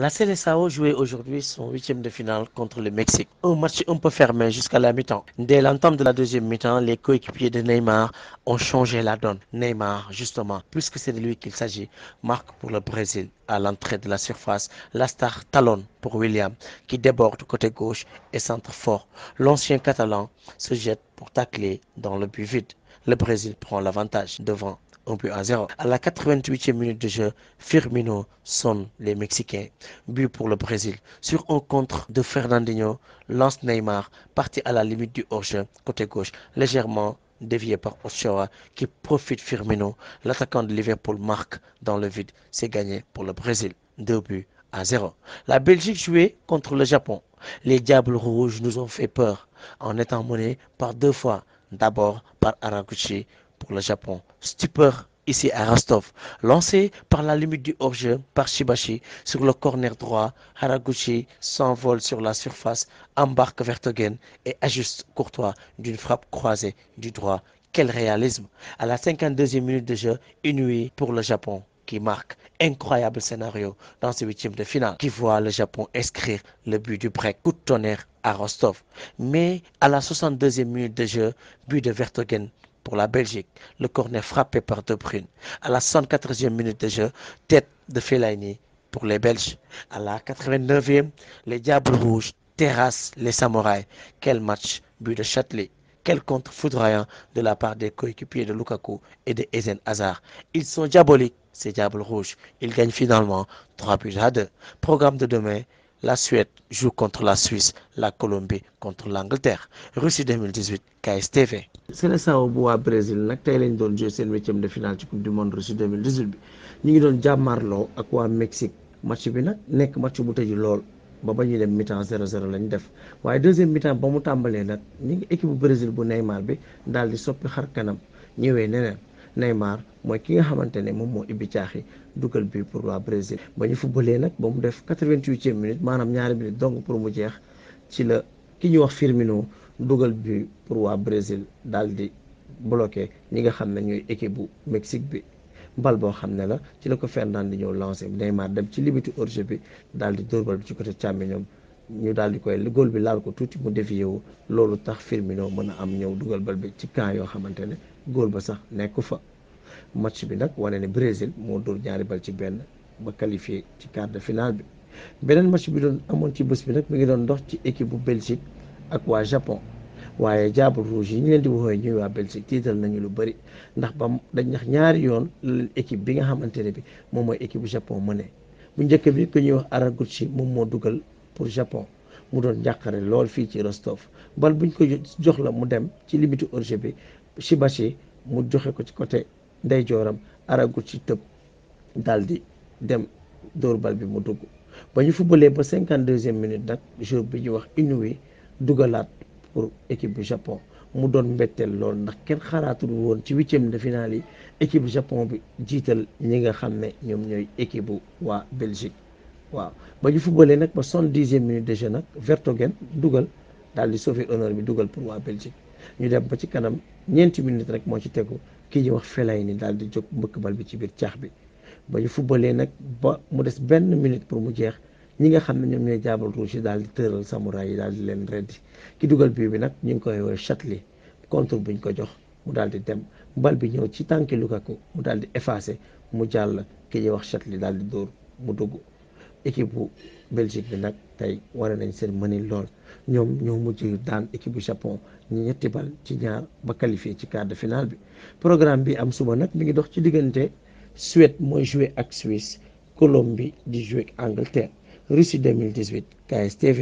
La CLSAO jouait aujourd'hui son huitième de finale contre le Mexique. Un match un peu fermé jusqu'à la mi-temps. Dès l'entame de la deuxième mi les coéquipiers de Neymar ont changé la donne. Neymar, justement, puisque c'est de lui qu'il s'agit, marque pour le Brésil à l'entrée de la surface. La star pour William, qui déborde côté gauche et centre fort. L'ancien catalan se jette pour tacler dans le but vide. Le Brésil prend l'avantage devant un but à zéro. À la 88e minute de jeu, Firmino sonne les Mexicains. But pour le Brésil. Sur un contre de Fernandinho, lance Neymar, parti à la limite du hors-jeu, côté gauche, légèrement dévié par Ochoa qui profite Firmino. L'attaquant de Liverpool marque dans le vide. C'est gagné pour le Brésil. Deux buts à zéro. La Belgique jouait contre le Japon. Les Diables Rouges nous ont fait peur en étant menés par deux fois. D'abord par Araguchi pour le Japon. Stupeur ici à Rostov, lancé par la limite du hors-jeu par Shibashi sur le corner droit. Haraguchi s'envole sur la surface, embarque Vertogen et ajuste Courtois d'une frappe croisée du droit. Quel réalisme À la 52e minute de jeu, Inouï pour le Japon qui marque. Incroyable scénario dans ce huitième de finale qui voit le Japon inscrire le but du break. Coup de tonnerre à Rostov. Mais à la 62e minute de jeu, but de Vertogen pour la Belgique. Le corner frappé À la 180e minute de jeu, tête pour les Belges. À la 89e, les Diables Rouges terrassent les Samouraïs. Quel match, but de Châtelet. Quel contre foudroyant de la part des coéquipiers de de Eden Hazard. Ils sont diaboliques, ces Diables Rouges. Ils gagnent finalement Programme de demain, La Suède joue contre la Suisse, la Colombie contre l'Angleterre. Russie 2018, KSTV. Seleção bu waa Brésil nag tey lañ doon jouer seen huitième de finale ci coupe du monde Russie 2018 bi ñu ngi doon jàmmarloo ak waa Mexique match bi nag nekk match bu tëju lool ba ba ñuy dem mi-temps 0-0 lañ def waaye deuxième mi-temps ba mu tàmbalee nag ñu ngi équipe bu Brésil bu Neymar bi daal di soppi xar kanam ñëwee neneen. Neymar mooy ki nga xamante ne moom moo ibbi caaxi dugal bi pour waa Brésil ba ñu footballee nag ba mu def quatre-vingt-huitième maanaam ñaari minute donc pour mu jeex ci la ki ñuy wax Firmino dugal bi pour waa Brésil daal di bloqué ñi nga xam ne ñooy équipe bu Mexique bi mbal boo xam ne la ci la ko ñëw lancé Neymar dem ci limite hors bi daal di dóor bi ci côté càmmiñam ñu daal di koy góol bi laal ko tuuti mu dévié wu loolu tax Firmino mën a am ñëw dugal bal bi ci camp yoo xamante ne góor ba sax nekku fa match bi nag wane ne Brésil moo dóor ñaari bal ci benn ba qualifié ci quart de finale bi beneen match bi doon amoon ci bés bi nag mi ngi doon ndox ci équipe bu Belgique ak waa Japon waaye Diable Rouge yi ñu leen di woowee ñuy waa Belgique tiital nañu lu bëri ndax ba dañ ñax ñaari yoon la leen équipe bi nga xamante ne bi moom mooy équipe bu Japon ma ne bu njëkk bi ku ñuy wax ci moom moo dugal pour Japon mu doon njàqare lool fii ci Rostov bal buñ ko jox la mu dem ci limite hors bi si basi mu joxe ko ci côté ndeyjooram aragut ci tëb dal di dem dóor bal bi mu dugg ba ñu fubalee ba cinquante deuxième minute nag jour bi ñu wax Inouye dugalaat pour équipe bu Japon mu doon mbetteel lool ndax kenn xalaatul woon ci huitième de finale yi équipe Japon bi jiital ñi nga xam ne ñoom ñooy équipe bu waa Belgique waaw ba ñu fubalee nag ba soixante dixième minute de jeu nag Vertonghen dugal daal di sauver honneur bi dugal pour waa Belgique ñu dem ba ci kanam ñeenti minutes rek moo ci tegu kii ñu wax felay ni daal di jóg mbëkk bal bi ci biir caax bi ba ñu fubalee nag ba mu des benn minute pour mu jeex ñi nga xam ne ñoom ñooy jaabal rouge yi daal di tëral samouraay yi daal di leen reddi ki dugal bii bi nag ñu ngi koy woowee Chadli contre buñ ko jox mu daal di dem bal bi ñëw ci tànki ko mu daal di effacé mu jàll ki ñuy wax Chadli daal di dóor mu dugg équipe bu Belgique bi nag tey wane nañ seen mëni lool ñoom ñoo mujj daan équipe bu Japon ñi ñetti bal ci ñaar ba qualifié ci quart de finale bi programme bi am suba nag mi ngi dox ci diggante Suède mooy joué ak Suisse Colombie di joué ak Angleterre Russie 2018 KSTV